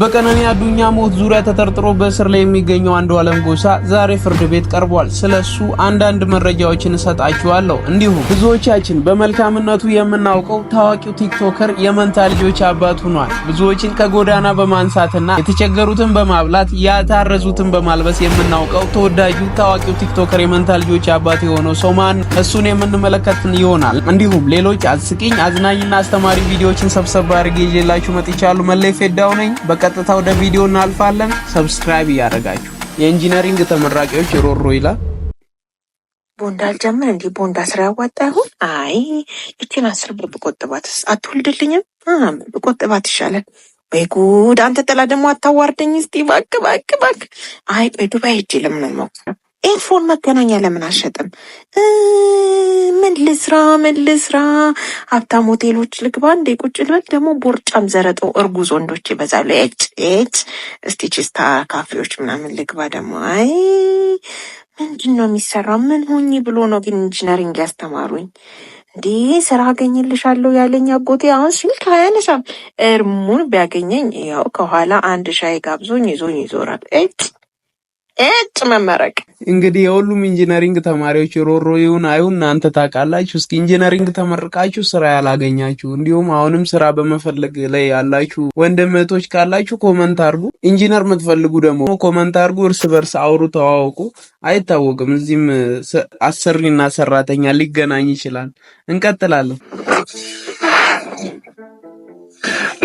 በቀነኒ አዱኛ ሞት ዙሪያ ተጠርጥሮ በእስር ላይ የሚገኘው አለም ጎሳ ዛሬ ፍርድ ቤት ቀርቧል። ስለሱ አንዳንድ መረጃዎችን እሰጣችኋለሁ። እንዲሁም ብዙዎቻችን በመልካምነቱ የምናውቀው ታዋቂው ቲክቶከር የመንታ ልጆች አባት ሆኗል። ብዙዎችን ከጎዳና በማንሳትና የተቸገሩትን በማብላት ያታረዙትን በማልበስ የምናውቀው ተወዳጁ ታዋቂው ቲክቶከር የመንታ ልጆች አባት የሆነው ሰው ማን እሱን የምንመለከት ይሆናል። እንዲሁም ሌሎች አስቂኝ አዝናኝና አስተማሪ ቪዲዮዎችን ሰብሰብ አድርጌ ይዤላችሁ መጥቻለሁ። መለይ ፌዳው ነኝ። በቀጥታ ወደ ቪዲዮ እናልፋለን። ሰብስክራይብ እያደረጋችሁ የኢንጂነሪንግ ተመራቂዎች ሮሮ ይላል። ቦንዳ አልጀምር እንዲ ቦንዳ ስራ ያዋጣ ይሆን? አይ እቺን አስር ብር ብቆጥባትስ አትወልድልኝም? ብቆጥባት ይሻላል። ወይ ጉድ! አንተ ጥላ ደግሞ አታዋርደኝ። እስቲ እባክህ እባክህ እባክህ። አይ በዱባይ ዱባይ ሂጅ ለምን ነው ኤርፎን መገናኛ ለምን አሸጥም? ምን ልስራ ምን ልስራ? ሀብታም ሆቴሎች ልግባ እንዴ? ቁጭ ልበል? ደግሞ ቦርጫም ዘረጦ እርጉዝ ወንዶች ይበዛሉ። ኤጭ ኤጭ እስቲ ቺስታ ካፌዎች ምናምን ልግባ ደግሞ። አይ ምንድን ነው የሚሰራው? ምን ሆኝ ብሎ ነው ግን ኢንጂነሪንግ ያስተማሩኝ እንዴ? ስራ አገኝልሻለሁ ያለኝ አጎቴ አሁን ስልክ አያነሳም። እርሙን ቢያገኘኝ ያው ከኋላ አንድ ሻይ ጋብዞኝ ይዞኝ ይዞራል። ኤጭ እጭ መመረቅ እንግዲህ የሁሉም ኢንጂነሪንግ ተማሪዎች ሮሮ ይሁን አይሁን እናንተ ታውቃላችሁ። እስኪ ኢንጂነሪንግ ተመርቃችሁ ስራ ያላገኛችሁ እንዲሁም አሁንም ስራ በመፈለግ ላይ ያላችሁ ወንድም እህቶች ካላችሁ ኮመንት አርጉ ኢንጂነር የምትፈልጉ ደግሞ ኮመንት አርጉ እርስ በርስ አውሩ፣ ተዋወቁ። አይታወቅም፣ እዚህም አሰሪና ሰራተኛ ሊገናኝ ይችላል። እንቀጥላለን።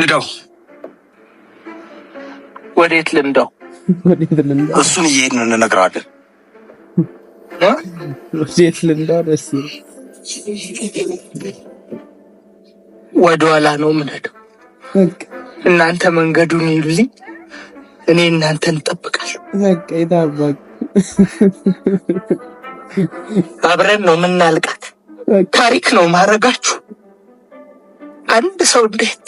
ንዳው ወዴት ልምዳው እሱን እየሄድን እንነግረዋለን። ወደኋላ ነው የምንሄደው። እናንተ መንገዱን ይሉልኝ፣ እኔ እናንተን እንጠብቃለሁ። አብረን ነው የምናልቃት። ታሪክ ነው ማድረጋችሁ። አንድ ሰው እንዴት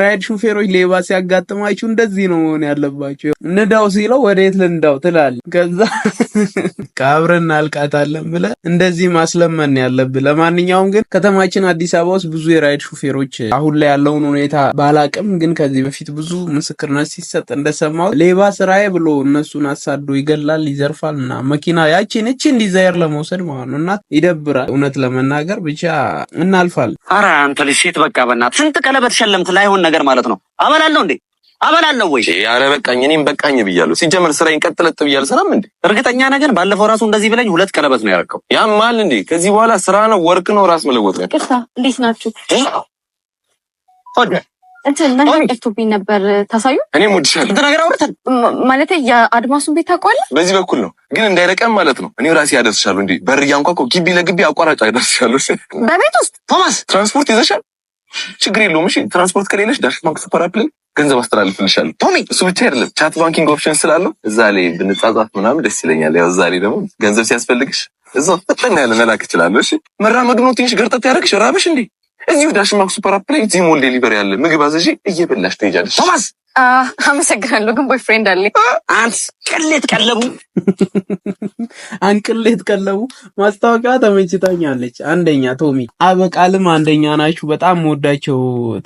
ራይድ ሹፌሮች ሌባ ሲያጋጥማችሁ እንደዚህ ነው መሆን ያለባቸው። ንዳው ሲለው ወዴት ልንዳው ትላል። ከዛ ካብርን እናልቃታለን ብለህ እንደዚህ ማስለመን ያለብህ። ለማንኛውም ግን ከተማችን አዲስ አበባ ውስጥ ብዙ የራይድ ሹፌሮች አሁን ላይ ያለውን ሁኔታ ባላቅም፣ ግን ከዚህ በፊት ብዙ ምስክርነት ሲሰጥ እንደሰማሁት ሌባ ስራዬ ብሎ እነሱን አሳዶ ይገላል፣ ይዘርፋል ምናምን መኪና ያቺን እቺን ዲዛይር ለመውሰድ ማለት ነው። እና ይደብራል እውነት ለመናገር ብቻ እናልፋል። ኧረ አንተ ልጅ ሴት በቃ በእናትህ ስንት ቀለበት አይደለም ላይሆን ነገር ማለት ነው። አበላለሁ እንዴ አበላለሁ ወይ? ኧረ በቃኝ፣ እኔም በቃኝ ብያለሁ። ሲጀመር ስራዬን ቀጥ ብያለሁ። ሰላም እንዴ? እርግጠኛ ነገር ባለፈው ራሱ እንደዚህ ብለኝ ሁለት ቀለበት ነው ያረከው። ያደረከው። ማል እንዴ? ከዚህ በኋላ ስራ ነው፣ ወርክ ነው፣ ራስ መለወጥ ነው። ቅርታ፣ እንዴት ናችሁ? ወደ እንትን ነገር ጠፍቶብኝ ነበር። ታሳዩ እኔ ሙድሻለሁ ነገር አውርተን ማለት የአድማሱን ቤት ታውቀዋለህ። በዚህ በኩል ነው ግን እንዳይረቀም ማለት ነው። እኔ ራሴ ያደርስሻለሁ። እንዲህ በር እያንኳኮ ግቢ ለግቢ አቋራጭ ያደርስሻለሁ። በቤት ውስጥ ቶማስ ትራንስፖርት ይዘሻል ችግር የለውም። እሺ ትራንስፖርት ከሌለሽ ዳሽ ባንክ ሱፐር አፕ ላይ ገንዘብ አስተላልፍልሻለሁ። ቶሚ እሱ ብቻ አይደለም ቻት ባንኪንግ ኦፕሽን ስላለው እዛ ላይ ብንጻጻፍ ምናምን ደስ ይለኛል። ያው እዛ ላይ ደግሞ ገንዘብ ሲያስፈልግሽ እዛ ፈጠን ያለ መላክ እችላለሁ። እሺ መራመዱ ነው ትንሽ ገርጠት ያደረግሽ ራበሽ እንዴ? እዚሁ ዳሽ ባንክ ሱፐር አፕ ላይ ዚሞል ዴሊቨሪ ያለ ምግብ አዘዤ እየበላሽ ትሄጃለሽ። ቶማስ አመሰግናለሁ ግን ቦይፍሬንድ አንስ ቅሌት ቀለቡ አንቅሌት ቀለቡ ማስታወቂያ ተመችታኛለች። አንደኛ ቶሚ አበቃልም አንደኛ ናችሁ። በጣም ወዳቸው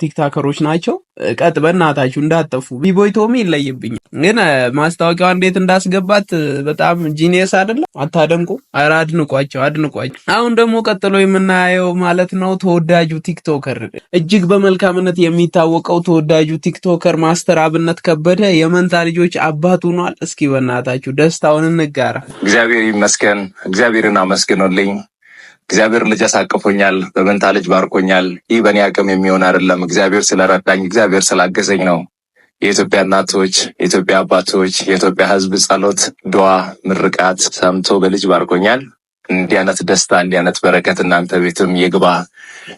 ቲክታከሮች ናቸው። ቀጥ በእናታችሁ እንዳትጠፉ። ቢቦይ ቶሚ ይለይብኛል፣ ግን ማስታወቂያዋ እንዴት እንዳስገባት በጣም ጂኒየስ አይደለም? አታደንቁ? ኧረ አድንቋቸው፣ አድንቋቸው። አሁን ደግሞ ቀጥሎ የምናየው ማለት ነው ተወዳጁ ቲክቶከር እጅግ በመልካምነት የሚታወቀው ተወዳጁ ቲክቶከር ማስተር ዶክተር አብነት ከበደ የመንታ ልጆች አባት ሆኗል። እስኪ በእናታችሁ ደስታውን እንጋራ። እግዚአብሔር ይመስገን። እግዚአብሔርን አመስግኖልኝ። እግዚአብሔር ልጅ አሳቅፎኛል፣ በመንታ ልጅ ባርኮኛል። ይህ በእኔ አቅም የሚሆን አይደለም። እግዚአብሔር ስለረዳኝ፣ እግዚአብሔር ስላገዘኝ ነው። የኢትዮጵያ እናቶች፣ የኢትዮጵያ አባቶች፣ የኢትዮጵያ ሕዝብ ጸሎት፣ ድዋ፣ ምርቃት ሰምቶ በልጅ ባርኮኛል። እንዲህ አይነት ደስታ እንዲህ አይነት በረከት እናንተ ቤትም ይግባ።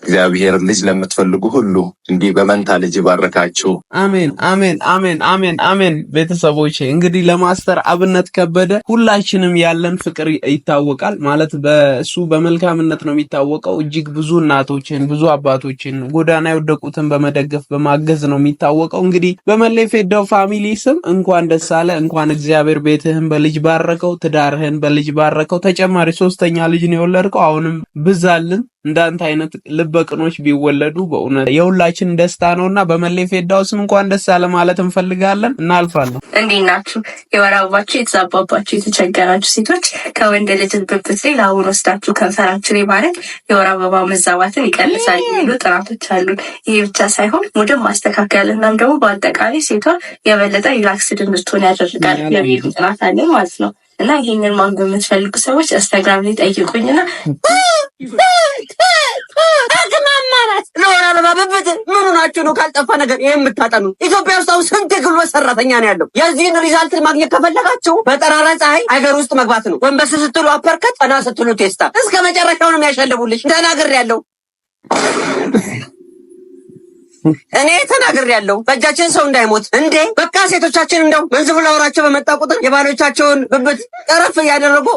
እግዚአብሔር ልጅ ለምትፈልጉ ሁሉ እንዲህ በመንታ ልጅ ይባረካችሁ። አሜን፣ አሜን፣ አሜን፣ አሜን፣ አሜን። ቤተሰቦች እንግዲህ ለማስተር አብነት ከበደ ሁላችንም ያለን ፍቅር ይታወቃል። ማለት በእሱ በመልካምነት ነው የሚታወቀው። እጅግ ብዙ እናቶችን፣ ብዙ አባቶችን፣ ጎዳና የወደቁትን በመደገፍ በማገዝ ነው የሚታወቀው። እንግዲህ በመሌፌዳው ፋሚሊ ስም እንኳን ደስ አለ። እንኳን እግዚአብሔር ቤትህን በልጅ ባረከው፣ ትዳርህን በልጅ ባረከው። ተጨማሪ ሶስት ሶስተኛ ልጅ ነው የወለድከው። አሁንም ብዛልን እንዳንተ አይነት ልበቅኖች ቢወለዱ በእውነት የሁላችን ደስታ ነውና በመሌ ፌዳው ስም እንኳን ደስ አለ ማለት እንፈልጋለን። እናልፋለን። እንዴት ናችሁ? የወር አበባችሁ የተዛባባችሁ የተቸገራችሁ ሴቶች ከወንድ ልጅ ብብት ላይ ለአሁን ወስዳችሁ ከንፈራችሁ ላይ ማለት የወር አበባ መዛባትን ይቀንሳል የሚሉ ጥናቶች አሉ። ይሄ ብቻ ሳይሆን ሙድን ማስተካከል እናም ደግሞ በአጠቃላይ ሴቷ የበለጠ ሪላክስድ እንድትሆን ያደርጋል የሚሉ ጥናት አለ ማለት ነው። እና ይሄንን ማንበብ የምትፈልጉ ሰዎች ኢንስታግራም ላይ ጠይቁኝና አትማማራት ለሆነ ለባበበት ምኑ ናቸው ነው ካልጠፋ ነገር ይህ የምታጠኑ ኢትዮጵያ ውስጥ አሁን ስንት የጉልበት ሰራተኛ ነው ያለው። የዚህን ሪዛልት ማግኘት ከፈለጋችሁ በጠራራ ፀሐይ አገር ውስጥ መግባት ነው። ወንበስ ስትሉ አፐርከት፣ ቀና ስትሉ ቴስታ እስከ መጨረሻው ነው የሚያሸልቡልሽ። ተናግሬያለሁ። እኔ ያለው በእጃችን ሰው እንዳይሞት እንዴ! በቃ ሴቶቻችን እንደው መንዝቡ ፍላወራቸው በመጣ ቁጥር የባሎቻቸውን ብብት ጠረፍ እያደረጉ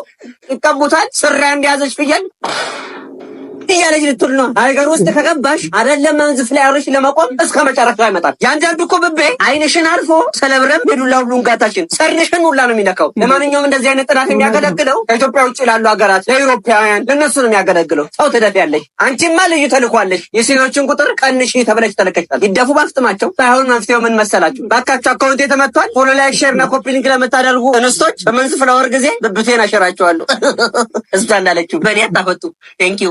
ይቀቡታል። ስሪያ እንዲያዘች ፍየል እያለች ልትል ነው። ሀገር ውስጥ ከገባሽ አይደለም መንዝፍ ላይ አብረሽ ለመቆም እስከ መጨረሻ አይመጣም። ያንዳንዱ እኮ ብቤ አይንሽን አልፎ ሰለብረም የዱላ ሁሉ ንጋታችን ሰርንሽን ሁላ ነው የሚነካው። ለማንኛውም እንደዚህ አይነት ጥናት የሚያገለግለው ከኢትዮጵያ ውጭ ላሉ ሀገራት ለኢሮፓውያን፣ ለእነሱ ነው የሚያገለግለው። ሰው ትደፊያለሽ። አንቺማ ልዩ ተልኳለሽ። የሲኒዎችን ቁጥር ቀንሽ ተብለሽ ተለከችታል። ይደፉ ባፍጥማቸው ሳይሆን መፍትሄው ምን መሰላችሁ? ባካችሁ አካውንቴ ተመቷል። ፎሎ ላይ ሼርና ኮፒሊንግ ለምታደርጉ እንስቶች በመንዝፍ ለወር ጊዜ ብብቴን አሸራቸዋለሁ። እስዳ እንዳለችው በእኔ አታፈጡ ቴንኪዩ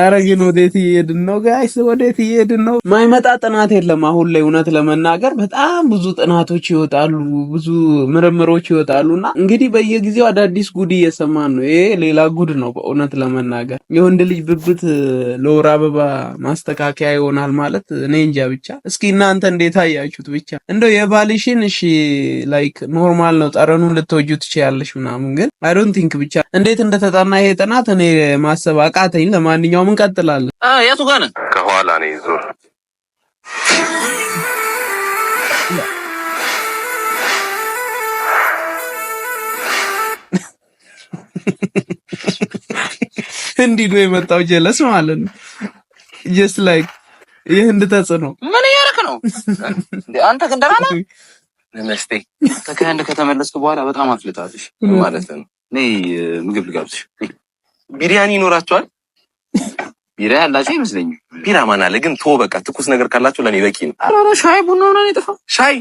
አረ ግን ወዴት እየሄድን ነው ጋይስ? ወዴት እየሄድን ነው? ማይመጣ ጥናት የለም። አሁን ላይ እውነት ለመናገር በጣም ብዙ ጥናቶች ይወጣሉ፣ ብዙ ምርምሮች ይወጣሉና እንግዲህ በየጊዜው አዳዲስ ጉድ እየሰማን ነው። ይሄ ሌላ ጉድ ነው በእውነት ለመናገር የወንድ ልጅ ብብት ለወር አበባ ማስተካከያ ይሆናል ማለት እኔ እንጃ። ብቻ እስኪ እናንተ እንዴት አያችሁት? ብቻ እንደው የባልሽን እሺ፣ ላይክ ኖርማል ነው ጠረኑን ልትወጁ ትችያለሽ ምናምን፣ ግን አይ ዶንት ቲንክ ብቻ እንዴት እንደተጠና ይሄ ጥናት እኔ ማሰብ አቃተኝ ለማ ለማንኛውም እንቀጥላለን። የቱ ጋር ነህ? ከኋላ ነኝ። ዞር እንዲህ ነው የመጣው። ጀለስ ማለት ነው። ጀስት ላይክ ይህ እንድተጽዕኖ ምን እያደረክ ነው አንተ? ግን ደህና ነህ? ነመስቴ። ከህንድ ከተመለስኩ በኋላ በጣም አፍልታለሽ ማለት ነው። እኔ ምግብ ልጋብዝሽ። ቢሪያኒ ይኖራቸዋል ቢራ ያላቸው አይመስለኝም። ቢራ ማን አለ ግን? ቶ በቃ ትኩስ ነገር ካላቸው ለኔ በቂ ነው። ኧረ ሻይ ቡና ምናምን የጠፋ። ሻይ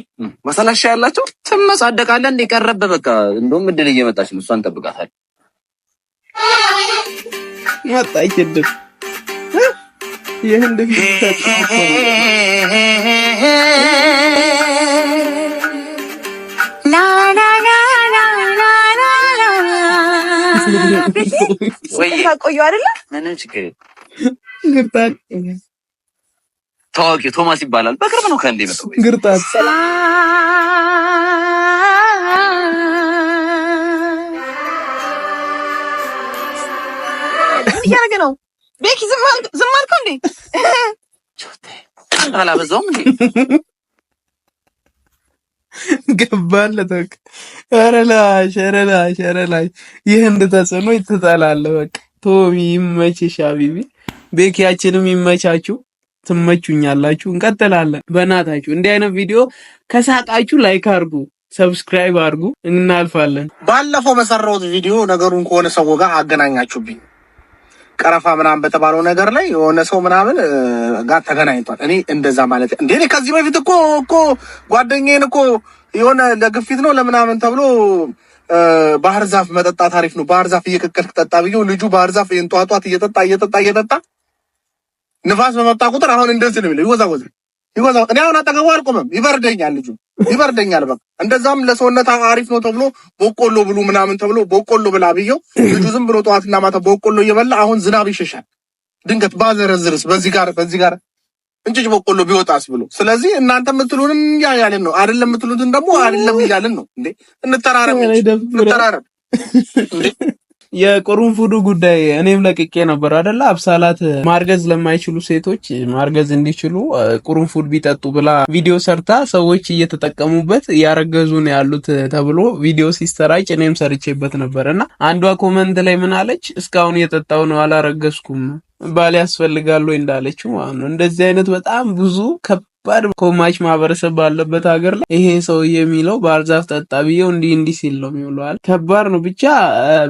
መሰላ ሻይ ያላቸው ትመጻደቃለህ። እንደ ቀረበ በቃ እንደውም እድል እየመጣች ነው። እሷን እንጠብቃታለን። መጣች እድል ይህን ታዋቂ ቶማስ ይባላል። በቅርብ ነው ከእንዴ መጣው። ግርጣት እያደረገ ነው። ቤኪ ዝም አልከው እንዴ? አላበዛውም እንዴ? ገባለ በቃ። ኧረ ላሽ ኧረ ላሽ ኧረ ላሽ የህንድ ተጽዕኖ ትጠላለህ። በቃ ቶሚ ይመችሽ፣ ሀቢቢ ቤኪያችንም ይመቻችሁ፣ ትመቹኛላችሁ። እንቀጥላለን። በእናታችሁ እንዲህ አይነት ቪዲዮ ከሳቃችሁ ላይክ አርጉ ሰብስክራይብ አርጉ እናልፋለን። ባለፈው በሰራሁት ቪዲዮ ነገሩን ከሆነ ሰው ጋር አገናኛችሁብኝ። ቀረፋ ምናምን በተባለው ነገር ላይ የሆነ ሰው ምናምን ጋር ተገናኝቷል። እኔ እንደዛ ማለት እንዴ ከዚህ በፊት እኮ እኮ ጓደኛዬን እኮ የሆነ ለግፊት ነው ለምናምን ተብሎ ባህር ዛፍ መጠጣት አሪፍ ነው፣ ባህር ዛፍ እየቀቀልክ ጠጣ ብዬው ልጁ ባህር ዛፍ እንጧጧት እየጠጣ እየጠጣ እየጠጣ ንፋስ በመጣ ቁጥር አሁን እንደዚህ ነው የሚለው ይወዛወዛል። ይወዛ። እኔ አሁን አጠገቡ አልቆምም፣ ይበርደኛል ልጁ ይበርደኛል። በቃ እንደዛም ለሰውነት አሪፍ ነው ተብሎ በቆሎ ብሉ ምናምን ተብሎ በቆሎ ብላ ብየው ልጁ ዝም ብሎ ጠዋትና ማታ በቆሎ እየበላ አሁን ዝናብ ይሸሻል። ድንገት ባዘረዝርስ በዚህ ጋር በዚህ ጋር እንጭጭ በቆሎ ቢወጣስ ብሎ ስለዚህ እናንተ የምትሉን ያያልን ነው አይደለም፣ የምትሉትን ደግሞ አይደለም እያልን ነው እንዴ። እንተራረብ እንጂ እንተራረብ የቅርንፉዱ ጉዳይ እኔም ለቅቄ ነበር አደለ። አብሳላት ማርገዝ ለማይችሉ ሴቶች ማርገዝ እንዲችሉ ቅርንፉድ ቢጠጡ ብላ ቪዲዮ ሰርታ ሰዎች እየተጠቀሙበት ያረገዙ ነው ያሉት ተብሎ ቪዲዮ ሲሰራጭ እኔም ሰርቼበት ነበር እና አንዷ ኮመንት ላይ ምን አለች? እስካሁን እየጠጣው ነው አላረገዝኩም ባል ያስፈልጋሉ እንዳለችው ማለት ነው። እንደዚህ አይነት በጣም ብዙ ከባድ ኮማች ማህበረሰብ ባለበት ሀገር ላይ ይሄ ሰውዬ የሚለው ባህር ዛፍ ጠጣ ብዬው እንዲህ እንዲህ ሲል ነው የሚውለዋል። ከባድ ነው ብቻ።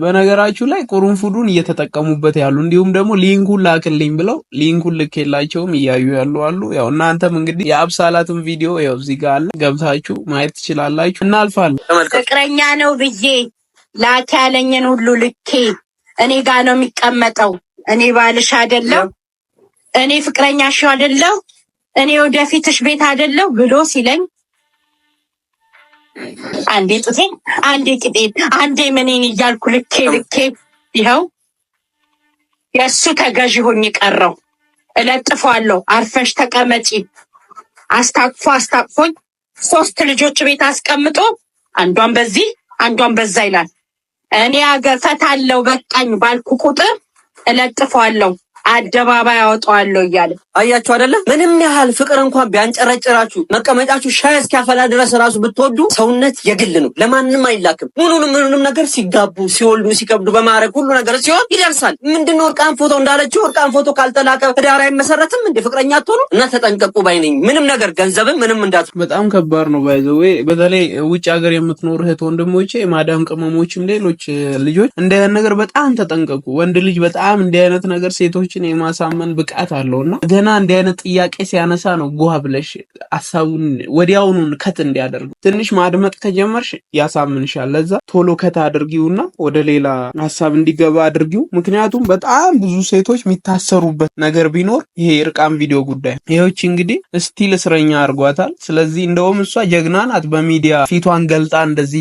በነገራችሁ ላይ ቁርንፉዱን እየተጠቀሙበት ያሉ እንዲሁም ደግሞ ሊንኩን ላክልኝ ብለው ሊንኩን ልኬላቸውም እያዩ ያሉ አሉ። ያው እናንተም እንግዲህ የአብሳላትን ቪዲዮ ያው እዚህ ጋር አለ ገብታችሁ ማየት ትችላላችሁ። እናልፋለን። ፍቅረኛ ነው ብዬ ላክ ያለኝን ሁሉ ልኬ እኔ ጋር ነው የሚቀመጠው። እኔ ባልሽ አይደለሁ፣ እኔ ፍቅረኛሽ አይደለሁ እኔ ወደፊትሽ ቤት አይደለሁ ብሎ ሲለኝ አንዴ ጥቴን አንዴ ቅጤን አንዴ ምኔን እያልኩ ልኬ ልኬ ይኸው የእሱ ተገዥ ሆኝ ቀረው። እለጥፏለሁ፣ አርፈሽ ተቀመጪ። አስታቅፎ አስታቅፎኝ ሶስት ልጆች ቤት አስቀምጦ አንዷን በዚህ አንዷን በዛ ይላል። እኔ አገር ፈታለሁ በቃኝ ባልኩ ቁጥር እለጥፏለሁ፣ አደባባይ አወጣዋለሁ እያለ አያችሁ አይደለ? ምንም ያህል ፍቅር እንኳን ቢያንጨረጭራችሁ መቀመጫችሁ ሻይ እስኪያፈላ ድረስ ራሱ ብትወዱ ሰውነት የግል ነው፣ ለማንም አይላክም። ምኑንም ምኑንም ነገር ሲጋቡ ሲወልዱ ሲከብዱ በማድረግ ሁሉ ነገር ሲሆን ይደርሳል። ምንድነው ወርቃን ፎቶ እንዳለችው ወርቃን ፎቶ ካልተላከ ትዳር አይመሰረትም እንዴ? ፍቅረኛ አትሆኑ እና ተጠንቀቁ ባይነኝ ምንም ነገር ገንዘብም ምንም እንዳት በጣም ከባድ ነው። ባይዘዌ በተለይ ውጭ ሀገር የምትኖሩ እህት ወንድሞቼ፣ ማዳም ቅመሞችም፣ ሌሎች ልጆች እንደ ነገር በጣም ተጠንቀቁ። ወንድ ልጅ በጣም እንዲህ አይነት ነገር ሴቶችን የማሳመን ብቃት አለውና ገና እንዲህ አይነት ጥያቄ ሲያነሳ ነው ጓ ብለሽ አሳቡን ወዲያውኑን ከት እንዲያደርጉ ትንሽ ማድመጥ ከጀመርሽ ያሳምንሻል። ለዛ ቶሎ ከት አድርጊውና ወደ ሌላ ሀሳብ እንዲገባ አድርጊው። ምክንያቱም በጣም ብዙ ሴቶች የሚታሰሩበት ነገር ቢኖር ይሄ እርቃን ቪዲዮ ጉዳይ ይህች እንግዲህ ስቲል እስረኛ አድርጓታል። ስለዚህ እንደውም እሷ ጀግና ናት። በሚዲያ ፊቷን ገልጣ እንደዚህ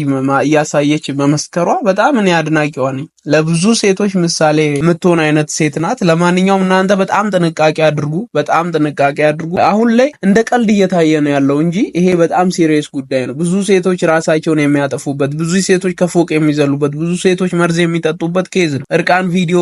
እያሳየች መመስከሯ በጣም እኔ አድናቂዋ ነኝ። ለብዙ ሴቶች ምሳሌ የምትሆን አይነት ሴት ናት። ለማንኛውም እናንተ በጣም ጥንቃቄ አድርጉ። በጣም ጥንቃቄ አድርጉ። አሁን ላይ እንደ ቀልድ እየታየ ነው ያለው እንጂ ይሄ በጣም ሲሪየስ ጉዳይ ነው። ብዙ ሴቶች ራሳቸውን የሚያጠፉበት፣ ብዙ ሴቶች ከፎቅ የሚዘሉበት፣ ብዙ ሴቶች መርዝ የሚጠጡበት ኬዝ ነው። እርቃን ቪዲዮ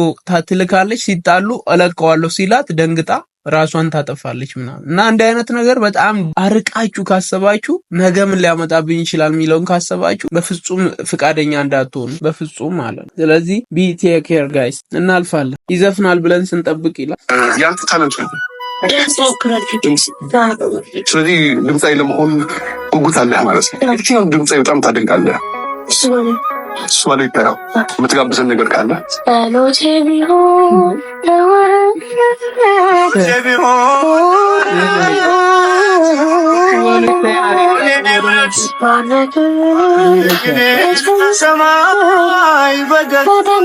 ትልካለች። ሲጣሉ እለቀዋለሁ ሲላት ደንግጣ ራሷን ታጠፋለች ምናምን እና እንዲህ አይነት ነገር በጣም አርቃችሁ ካሰባችሁ ነገ ምን ሊያመጣብኝ ይችላል የሚለውን ካሰባችሁ በፍጹም ፍቃደኛ እንዳትሆኑ በፍጹም ማለት ነው። ስለዚህ ቢ ቴክ ኬር ጋይስ። እናልፋለን። ይዘፍናል ብለን ስንጠብቅ ይላል ስለዚህ ድምፃዊ ለመሆን ጉጉት አለህ ማለት ነው። የትኛው ድምፃዊ በጣም ታደንቃለህ? እሱ ባለው ይታያው የምትጋብዘን ነገር ካለ ቢሆን ነፍስ ሰማይ በገባኝ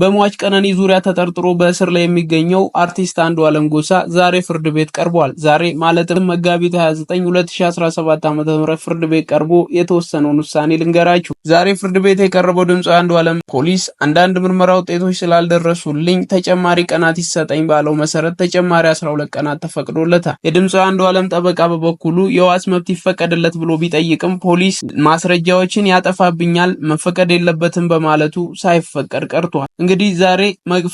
በሟች ቀነኒ ዙሪያ ተጠርጥሮ በእስር ላይ የሚገኘው አርቲስት አንዱዓለም ጎሳ ዛሬ ፍርድ ቤት ቀርቧል። ዛሬ ማለትም መጋቢት 29 2017 ዓ.ም ፍርድ ቤት ቀርቦ የተወሰነውን ውሳኔ ልንገራችሁ። ዛሬ ፍርድ ቤት የቀረበው ድምፃዊ አንዱዓለም ፖሊስ አንዳንድ ምርመራ ውጤቶች ስላልደረሱልኝ ተጨማሪ ቀናት ይሰጠኝ ባለው መሰረት ተጨማሪ 12 ቀናት ተፈቅዶለታል። የድምፃዊ አንዱዓለም ጠበቃ በበኩሉ የዋስ መብት ይፈቀድለት ብሎ ቢጠይቅም ፖሊስ ማስረጃዎችን ያጠፋብኛል፣ መፈቀድ የለበትም በማለቱ ሳይፈቀድ ቀርቷል። እንግዲህ ዛሬ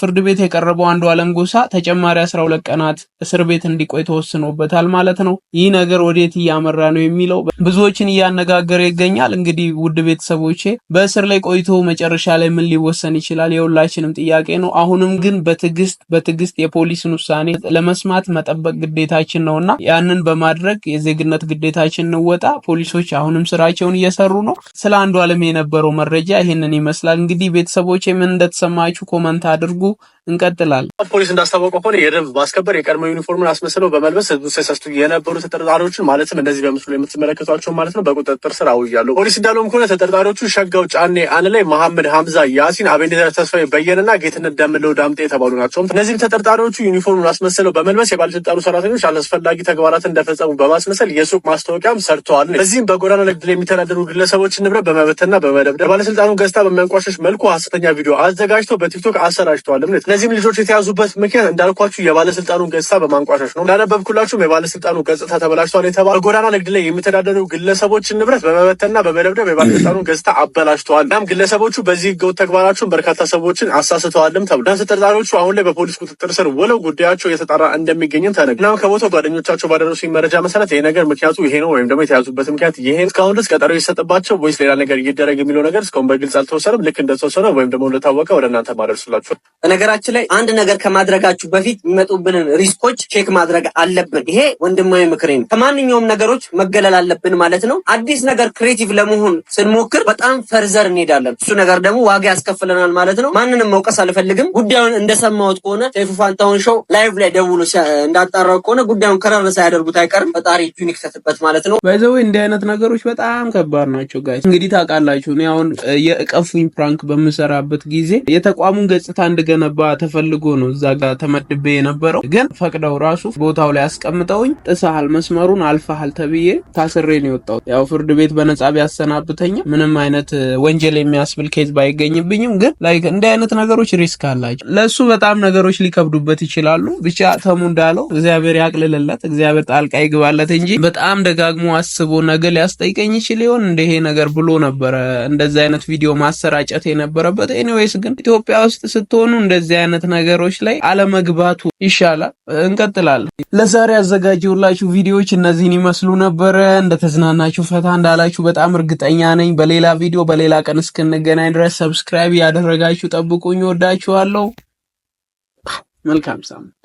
ፍርድ ቤት የቀረበው አንዱ አለም ጎሳ ተጨማሪ 12 ቀናት እስር ቤት እንዲቆይ ተወስኖበታል ማለት ነው። ይህ ነገር ወዴት እያመራ ነው የሚለው ብዙዎችን እያነጋገረ ይገኛል። እንግዲህ ውድ ቤተሰቦቼ በእስር ላይ ቆይቶ መጨረሻ ላይ ምን ሊወሰን ይችላል የሁላችንም ጥያቄ ነው። አሁንም ግን በትዕግስት በትዕግስት የፖሊስን ውሳኔ ለመስማት መጠበቅ ግዴታችን ነውና ያንን በማድረግ የዜግነት ግዴታችን እንወጣ። ፖሊሶች አሁንም ስራቸውን እየሰሩ ነው። ስለ አለም የነበረው መረጃ ይህንን ይመስላል። እንግዲህ ቤተሰቦቼ ምን እንደተሰማ ካላማችሁ ኮመንት አድርጉ። እንቀጥላለን። ፖሊስ እንዳስታወቀው ከሆነ የደንብ ማስከበር የቀድሞ ዩኒፎርምን አስመስለው በመልበስ ህዝቡ ሲሰስቱ የነበሩ ተጠርጣሪዎችን ማለትም እነዚህ በምስሉ የምትመለከቷቸው ማለት ነው በቁጥጥር ስር አውያሉ። ፖሊስ እንዳለውም ከሆነ ተጠርጣሪዎቹ ሸጋው ጫኔ አንድ ላይ፣ መሐመድ ሀምዛ ያሲን፣ አቤኔዘር ተስፋዬ በየነና ጌትነት ደምለው ዳምጤ የተባሉ ናቸው። እነዚህም ተጠርጣሪዎቹ ዩኒፎርምን አስመስለው በመልበስ የባለስልጣኑ ሰራተኞች አላስፈላጊ ተግባራት እንደፈጸሙ በማስመሰል የሱቅ ማስታወቂያም ሰርተዋል። በዚህም በጎዳና ንግድ የሚተዳደሩ ግለሰቦችን ንብረት በመበተና በመደብደብ ባለስልጣኑ ገጽታ በሚያንቋሸሽ መልኩ ሀሰተኛ ቪዲዮ አዘጋጅ አዘጋጅተው በቲክቶክ አሰራጅተዋል። እምነት እነዚህም ልጆች የተያዙበት ምክንያት እንዳልኳችሁ የባለስልጣኑን ገጽታ በማንቋሸሽ ነው። እንዳነበብኩላችሁም የባለስልጣኑ ገጽታ ተበላሽተዋል የተባሉ በጎዳና ንግድ ላይ የሚተዳደሩ ግለሰቦችን ንብረት በመበተንና በመደብደብ የባለስልጣኑን ገጽታ አበላሽተዋል። እናም ግለሰቦቹ በዚህ ህገወጥ ተግባራቸውን በርካታ ሰዎችን አሳስተዋልም ተብሎ ተጠርጣሪዎቹ አሁን ላይ በፖሊስ ቁጥጥር ስር ውለው ጉዳያቸው እየተጣራ እንደሚገኝም ተነግ እናም ከቦታው ጓደኞቻቸው ባደረሱኝ መረጃ መሰረት ይሄ ነገር ምክንያቱ ይሄ ነው ወይም ደግሞ የተያዙበት ምክንያት ይሄን እስካሁን ድረስ ቀጠሮ የተሰጠባቸው ወይስ ሌላ ነገር እየደረግ የሚለው ነገር እስካሁን በግልጽ አልተወሰነም። ልክ እንደተወሰነ ወይም ደግሞ እንደታወቀ ወደ ለእናንተ ማደርስላችሁ። በነገራችን ላይ አንድ ነገር ከማድረጋችሁ በፊት የሚመጡብንን ሪስኮች ቼክ ማድረግ አለብን። ይሄ ወንድማዊ ምክሬ ነው። ከማንኛውም ነገሮች መገለል አለብን ማለት ነው። አዲስ ነገር ክሬቲቭ ለመሆን ስንሞክር በጣም ፈርዘር እንሄዳለን። እሱ ነገር ደግሞ ዋጋ ያስከፍለናል ማለት ነው። ማንንም መውቀስ አልፈልግም። ጉዳዩን እንደሰማሁት ከሆነ ሰይፉ ፋንታሁን ሾው ላይቭ ላይ ደውሎ እንዳጣራው ከሆነ ጉዳዩን ከረር ሳያደርጉት አይቀርም። ፈጣሪ እጁን ይክተትበት ማለት ነው። ባይዘዌ እንዲህ አይነት ነገሮች በጣም ከባድ ናቸው ጋይስ። እንግዲህ ታውቃላችሁ እኔ አሁን የቀፉኝ ፕራንክ በምሰራበት ጊዜ የተቋሙን ገጽታ እንድገነባ ተፈልጎ ነው እዛ ጋር ተመድቤ የነበረው። ግን ፈቅደው ራሱ ቦታው ላይ አስቀምጠውኝ ጥሰሃል፣ መስመሩን አልፈሃል ተብዬ ታስሬ ነው ያው ፍርድ ቤት በነጻ ቢያሰናብተኝም ምንም አይነት ወንጀል የሚያስብል ኬዝ ባይገኝብኝም፣ ግን ላይክ እንዲህ አይነት ነገሮች ሪስክ አላቸው። ለእሱ በጣም ነገሮች ሊከብዱበት ይችላሉ። ብቻ ተሙ እንዳለው እግዚአብሔር ያቅልልለት፣ እግዚአብሔር ጣልቃ ይግባለት እንጂ በጣም ደጋግሞ አስቦ ነገ ሊያስጠይቀኝ ይችል ይሆን እንደሄ ነገር ብሎ ነበረ እንደዚ አይነት ቪዲዮ ማሰራጨት የነበረበት። ኤኒዌይስ ግን ኢትዮጵያ ውስጥ ስትሆኑ እንደዚህ አይነት ነገሮች ላይ አለመግባቱ ይሻላል። እንቀጥላለን። ለዛሬ አዘጋጀውላችሁ ቪዲዮዎች እነዚህን ይመስሉ ነበረ። እንደተዝናናችሁ ፈታ እንዳላችሁ በጣም እርግጠኛ ነኝ። በሌላ ቪዲዮ በሌላ ቀን እስክንገናኝ ድረስ ሰብስክራይብ ያደረጋችሁ ጠብቁኝ። ወዳችኋለሁ። መልካም ሳምንት